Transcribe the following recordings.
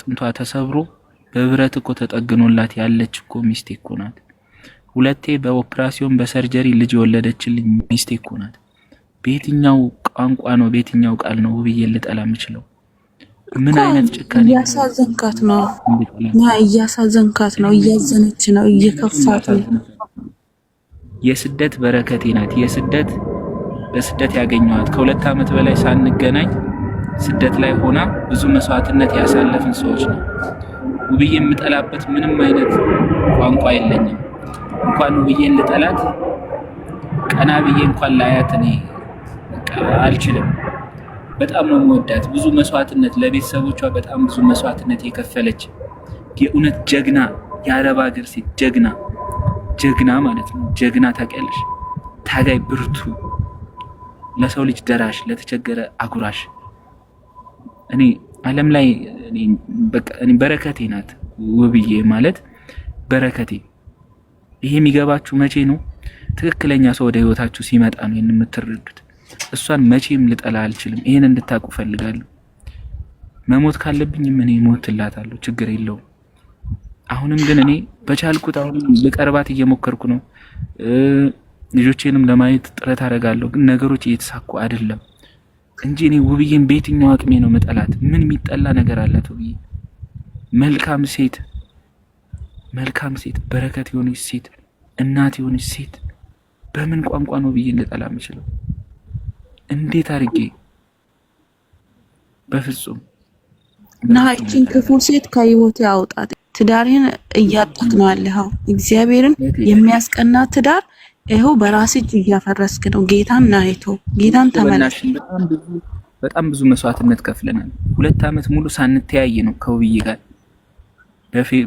ጥንቷ ተሰብሮ በብረት እኮ ተጠግኖላት ያለች እኮ ሚስቴ እኮ ናት። ሁለቴ በኦፕራሲዮን በሰርጀሪ ልጅ የወለደችልኝ ሚስቴ እኮ ናት። በየትኛው ቋንቋ ነው በየትኛው ቃል ነው ውብዬ ልጠላ የምችለው? ምን አይነት ጭካኔ! እያሳዘንካት ነው ና እያሳዘንካት ነው። እያዘነች ነው፣ እየከፋት ነው። የስደት በረከቴ ናት። የስደት በስደት ያገኘዋት ከሁለት ዓመት በላይ ሳንገናኝ ስደት ላይ ሆና ብዙ መስዋዕትነት ያሳለፍን ሰዎች ነው። ውብዬ የምጠላበት ምንም አይነት ቋንቋ የለኝም። እንኳን ውብዬን ልጠላት ቀና ብዬ እንኳን ላያት እኔ አልችልም። በጣም ነው የምወዳት። ብዙ መስዋዕትነት ለቤተሰቦቿ በጣም ብዙ መስዋዕትነት የከፈለች የእውነት ጀግና፣ የአረብ ሀገር ሴት ጀግና ጀግና ማለት ነው። ጀግና ታውቂያለሽ? ታጋይ፣ ብርቱ፣ ለሰው ልጅ ደራሽ፣ ለተቸገረ አጉራሽ እኔ ዓለም ላይ በረከቴ ናት ውብዬ ማለት በረከቴ። ይሄ የሚገባችሁ መቼ ነው? ትክክለኛ ሰው ወደ ህይወታችሁ ሲመጣ ነው ይህን የምትረዱት። እሷን መቼም ልጠላ አልችልም። ይህን እንድታቁ ፈልጋለሁ። መሞት ካለብኝም እኔ ሞትላታለሁ፣ ችግር የለውም። አሁንም ግን እኔ በቻልኩት አሁን ልቀርባት እየሞከርኩ ነው። ልጆቼንም ለማየት ጥረት አደርጋለሁ፣ ግን ነገሮች እየተሳኩ አይደለም። እንጂ እኔ ውብዬን በየትኛው አቅሜ ነው መጠላት? ምን የሚጠላ ነገር አላት ውብዬ? መልካም ሴት፣ መልካም ሴት፣ በረከት የሆነች ሴት፣ እናት የሆነች ሴት በምን ቋንቋ ነው ውብዬን ልጠላ የምችለው? እንዴት አድርጌ በፍጹም እና ይችን ክፉ ሴት ከህይወት ያውጣት። ትዳሬን እያጣክ ነው ያለኸው። እግዚአብሔርን የሚያስቀና ትዳር ይኸው በራስ እጅ እያፈረስክ ነው። ጌታን አይቶ ጌታን ተመላሽ። በጣም ብዙ መስዋዕትነት ከፍለናል። ሁለት ዓመት ሙሉ ሳንተያይ ነው ከውብዬ ጋር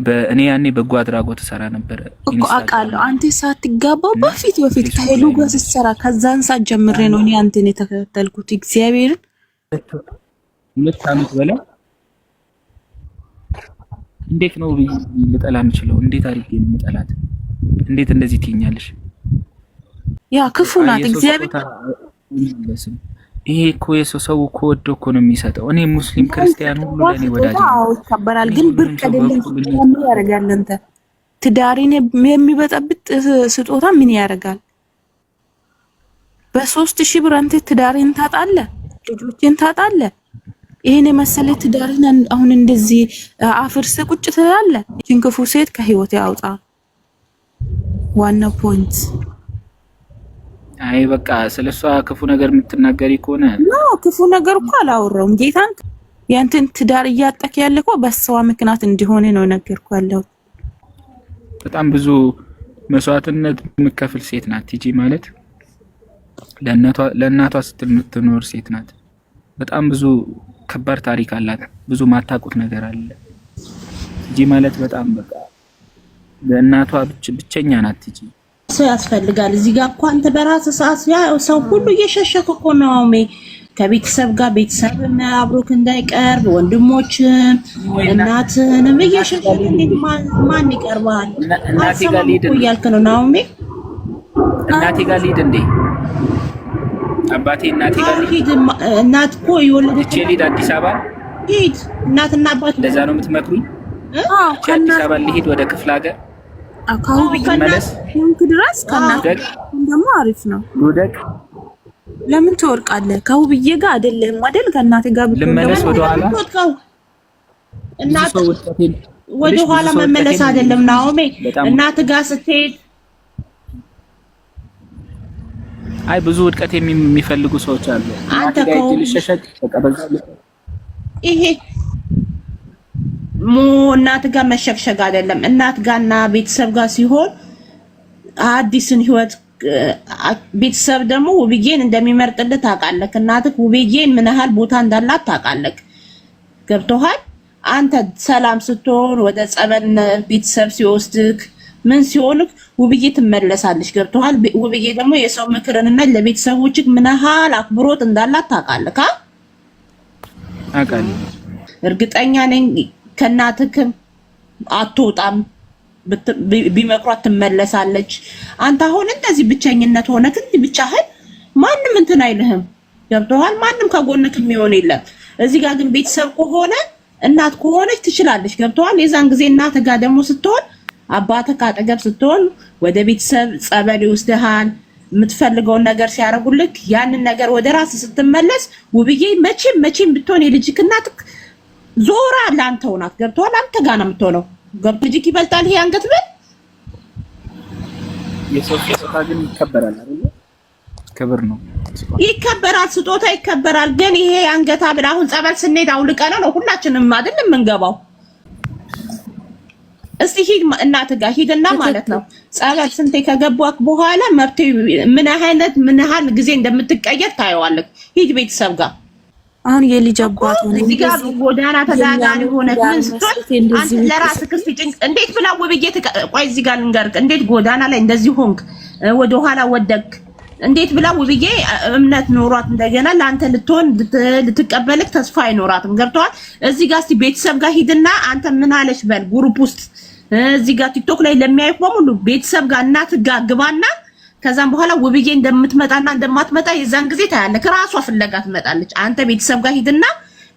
በእኔ ያኔ በጎ አድራጎት ሰራ ነበረ እኮ አውቃለሁ። አንተ ሳትጋባው በፊት በፊት ከሄሉ ጋር ስትሰራ ከዛን ሰዓት ጀምሬ ነው እኔ አንተን የተከተልኩት። እግዚአብሔርን ሁለት ዓመት በላይ እንዴት ነው ብዬ ልጠላ የምችለው? እንዴት አድርጌ ነው የምጠላት? እንዴት እንደዚህ ትይኛለሽ? ያ ክፉ ናት እግዚአብሔር ይሄ እኮ የሰው ሰው እኮ ወዶ እኮ ነው የሚሰጠው። እኔ ሙስሊም ክርስቲያን ሁሉ ለኔ ወዳጅ ነው፣ ይከበራል። ግን ብርቅ ምን ያደርጋል። አንተ ትዳሪን የሚበጠብጥ ስጦታ ምን ያደርጋል? በሶስት ሺህ ብር አንተ ትዳሪን ታጣለ፣ ልጆችን ታጣለ። ይሄን የመሰለ ትዳሪን አሁን እንደዚህ አፍርስ ቁጭ ትላለ። ይህን ክፉ ሴት ከህይወት ያውጣ። ዋናው ፖይንት አይ በቃ ስለ እሷ ክፉ ነገር የምትናገሪ ከሆነ ክፉ ነገር እኮ አላወራውም። ጌታን ያንተን ትዳር እያጠክ ያለ እኮ በሰዋ ምክንያት እንዲሆነ ነው ነገርኩ ያለው። በጣም ብዙ መስዋዕትነት የምከፍል ሴት ናት ቲጂ ማለት ለእናቷ ስትል የምትኖር ሴት ናት። በጣም ብዙ ከባድ ታሪክ አላት። ብዙ ማታቁት ነገር አለ። ቲጂ ማለት በጣም በቃ ለእናቷ ብቸኛ ናት ቲጂ ሰው ያስፈልጋል። እዚህ ጋር እኮ አንተ በራስህ ሰዓት ሰው ሁሉ እየሸሸክ እኮ ነው ከቤተሰብ ጋር ቤተሰብ አብሮክ እንዳይቀርብ ወንድሞችም እናትንም እየሸሸክ እንዴት ማን ይቀርባል? እናቴ ጋር ልሂድ እያልክ ነው ናውሜ። እናቴ ጋር ልሂድ እንዴ አባቴ እናቴ ጋር ልሂድ። እናት እኮ የወለደች ልሂድ አዲስ አበባ ልሂድ። እናትና አባት እንደዛ ነው የምትመክሩኝ? አዲስ አበባ ልሂድ ወደ ክፍለ ሀገር አካሁንክ ድረስ ደግሞ አሪፍ ነው። ውደቅ ለምን ትወርቃለህ? ከውብዬ ጋር አይደለህም አይደል? ከእናቴ ጋር ልመለስ ወደኋላ ወደኋላ መመለስ አይደለም ናኦሜ፣ እናት ጋር ስትሄድ አይ ብዙ ውድቀት የሚፈልጉ ሰዎች አሉ። አንተ ከሆነ ይሄ እናት ጋር መሸግሸግ አይደለም። እናት ጋርና ቤተሰብ ጋር ሲሆን አዲስን ህይወት ቤተሰብ ደግሞ ውብዬን እንደሚመርጥልህ ታውቃለህ። እናትህ ውብዬን ምን ያህል ቦታ እንዳላት ታውቃለህ። ገብቶሃል። አንተ ሰላም ስትሆን ወደ ጸበል ቤተሰብ ሲወስድክ ምን ሲሆንክ ውብዬ ትመለሳለች። ገብቶሃል። ውብዬ ደግሞ የሰው ምክርንና ለቤተሰቦችህ ምን ያህል አክብሮት እንዳላት ታውቃለህ። እርግጠኛ ነኝ ከእናትክም አትወጣም ቢመክሯት ትመለሳለች። አንተ አሁን እንደዚህ ብቸኝነት ሆነ ግን ብቻህን ማንም እንትን አይልህም። ገብቶሃል? ማንም ከጎንክ የሚሆን የለም። እዚህ ጋር ግን ቤተሰብ ከሆነ እናት ከሆነች ትችላለች። ገብተዋል የዛን ጊዜ እናት ጋር ደግሞ ስትሆን አባተ ካጠገብ ስትሆን ወደ ቤተሰብ ጸበል ይወስድሃል። የምትፈልገውን ነገር ሲያደርጉልክ ያንን ነገር ወደ ራስ ስትመለስ ውብዬ መቼም መቼም ብትሆን የልጅክ እናትክ ዞራ ለአንተ ሆናት ገብቶሃል። አንተ ጋር ነው የምትሆነው። ገብቶ ልጅክ ይበልጣል። ይሄ አንገት ብል ይከበራል ክብር ነው ይከበራል። ስጦታ ይከበራል። ግን ይሄ አንገት ብል አሁን ጸበል ስንሄድ አውልቀነ ነው ሁላችንም አይደል የምንገባው። እስቲ ሂድ እናትህ ጋር ሂድና ማለት ነው ጸበል ስንቴ ከገቧክ በኋላ መብት ምን አይነት ምን ያህል ጊዜ እንደምትቀየር ታየዋለህ። ሂድ ቤተሰብ ጋር አሁን የልጅ አባት ሆነ እዚህ ጋር ጎዳና ተዳዳሪ ሆነ ምን ስትል ለራስህ ክስ ጭንቅ እንዴት ብላ ውብዬ ቆይ እዚህ ጋር ልንገርህ እንዴት ጎዳና ላይ እንደዚህ ሆንክ ወደ ኋላ ወደክ እንዴት ብላ ውብዬ እምነት ኖሯት እንደገና ለአንተ ልትሆን ልትቀበልክ ተስፋ አይኖራትም ገብተዋል እዚህ ጋር እስኪ ቤተሰብ ጋር ሂድና አንተ ምን አለች በል ግሩፕ ውስጥ እዚህ ጋር ቲክቶክ ላይ ለሚያዩት በሙሉ ቤተሰብ ጋር እናትህ ጋር ግባና ከዛም በኋላ ውብዬ እንደምትመጣና እንደማትመጣ የዛን ጊዜ ታያለህ። ራሷ ፍለጋ ትመጣለች። አንተ ቤተሰብ ጋር ሂድና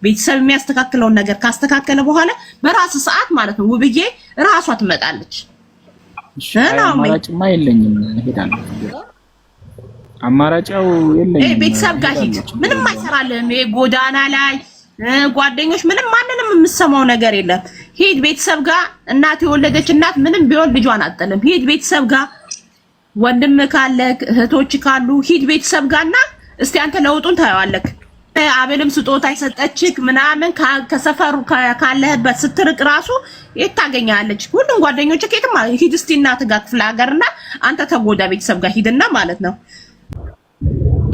ቤተሰብ የሚያስተካክለውን ነገር ካስተካከለ በኋላ በራስ ሰዓት ማለት ነው ውብዬ ራሷ ትመጣለች። አማራጭማ የለኝም እሄዳለሁ። አማራጫው የለኝም። ቤተሰብ ጋር ሂድ። ምንም አይሰራልህም። ይሄ ጎዳና ላይ ጓደኞች ምንም ማንንም የምሰማው ነገር የለም። ሂድ ቤተሰብ ጋር። እናት የወለደች እናት ምንም ቢሆን ልጇን አጥልም። ሂድ ቤተሰብ ጋር ወንድም ካለ እህቶች ካሉ ሂድ ቤተሰብ ጋርና እስቲ አንተ ለውጡን ታየዋለክ። አቤልም ስጦታ የሰጠችክ ምናምን ከሰፈሩ ካለህበት ስትርቅ ራሱ የት ታገኛለች? ሁሉም ጓደኞች ከየትም ሂድ እስቲ እናት ጋር ክፍለ ሀገርና አንተ ተጎዳ ቤተሰብ ጋር ሂድና ማለት ነው።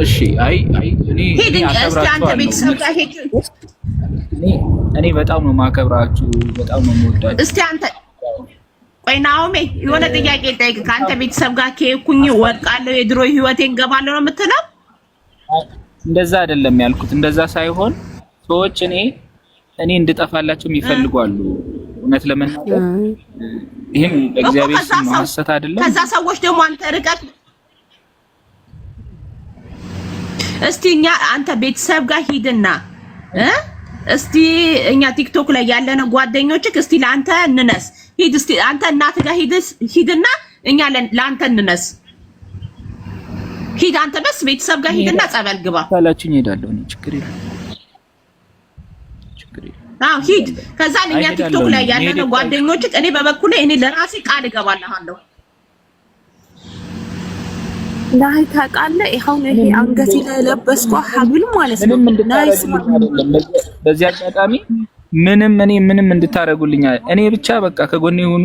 እሺ አይ አይ እኔ እስቲ አንተ ቤተሰብ ጋር ሂድ። እኔ በጣም ነው ማከብራችሁ፣ በጣም ነው የምወዳችሁ። እስቲ አንተ ቆይ ናኦሜ የሆነ ጥያቄ ጠይቅ። ከአንተ ቤተሰብ ጋር ከሄድኩኝ ወድቃለሁ፣ የድሮ ህይወቴን ገባለሁ ነው የምትለው? እንደዛ አይደለም ያልኩት። እንደዛ ሳይሆን ሰዎች እኔ እኔ እንድጠፋላቸው የሚፈልጉ እውነት ለመናገር ይህም በእግዚአብሔር ስም አይደለም። ከዛ ሰዎች ደግሞ አንተ ርቀት እስቲ እኛ አንተ ቤተሰብ ጋር ሂድና እስቲ እኛ ቲክቶክ ላይ ያለነው ጓደኞችህ እስቲ ለአንተ እንነስ ሂድ እስኪ አንተ እናት ጋር ሂድና እኛ ለአንተ እንነስ። ሂድ አንተ በስ ቤተሰብ ጋር ሂድና ጸበል ግባ ታላችሁኝ ሄዳለሁ እኔ ችግር የለም አዎ ሂድ። ከዛ እኛ ቲክቶክ ላይ ያለነው ጓደኞች፣ እኔ በበኩሌ እኔ ለራሴ ቃል እገባልሃለሁ። ናይ ታውቃለህ፣ ይኸውም ይሄ አንገቴ ላይ ለበስኳ ሀብል ማለት ነው። ናይ በዚህ አጋጣሚ ምንም እኔ ምንም እንድታደርጉልኝ እኔ ብቻ በቃ ከጎኔ የሆኑ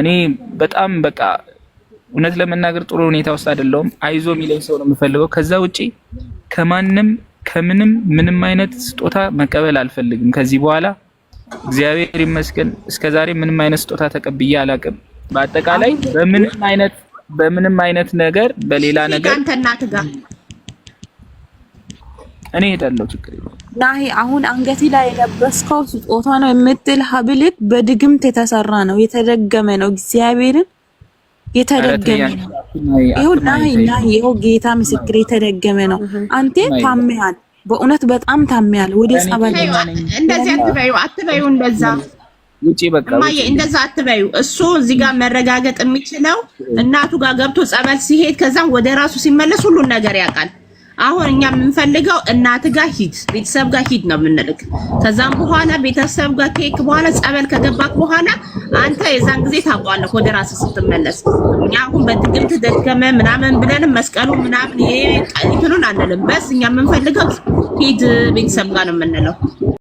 እኔ በጣም በቃ እውነት ለመናገር ጥሩ ሁኔታ ውስጥ አይደለሁም። አይዞ የሚለኝ ሰው ነው የምፈልገው። ከዛ ውጪ ከማንም ከምንም ምንም አይነት ስጦታ መቀበል አልፈልግም ከዚህ በኋላ እግዚአብሔር ይመስገን። እስከዛሬ ምንም አይነት ስጦታ ተቀብዬ አላውቅም። በአጠቃላይ በምንም አይነት በምንም አይነት ነገር በሌላ ነገር እኔ ሄዳለሁ። ችግር ናሂ አሁን አንገቴ ላይ የለበስከው ስጦታ ነው የምትል ሀብልት በድግምት የተሰራ ነው፣ የተደገመ ነው። እግዚአብሔርን የተደገመ ነው። ይሁን ናሂ ናሂ፣ ይኸው ጌታ ምስክር የተደገመ ነው። አንተ ታምሃል፣ በእውነት በጣም ታምሃል። ወደ ጸበል እንደዚህ አትበዩ፣ አትበዩ፣ እንደዛ ውጪ በቃ ማየ እንደዛ አትበዩ። እሱ እዚህ ጋር መረጋገጥ የሚችለው እናቱ ጋር ገብቶ ጸበል ሲሄድ ከዛም ወደ ራሱ ሲመለስ ሁሉን ነገር ያውቃል። አሁን እኛ የምንፈልገው እናት ጋር ሂድ፣ ቤተሰብ ጋር ሂድ ነው የምንልክ። ከዛም በኋላ ቤተሰብ ጋር ከሄድክ በኋላ ጸበል ከገባክ በኋላ አንተ የዛን ጊዜ ታውቀዋለህ ወደ ራስ ስትመለስ። እኛ አሁን በትግል ደገመ ምናምን ብለንም መስቀሉ ምናምን ይሄ አንልም። በስ እኛ የምንፈልገው ሂድ ቤተሰብ ጋር ነው የምንለው።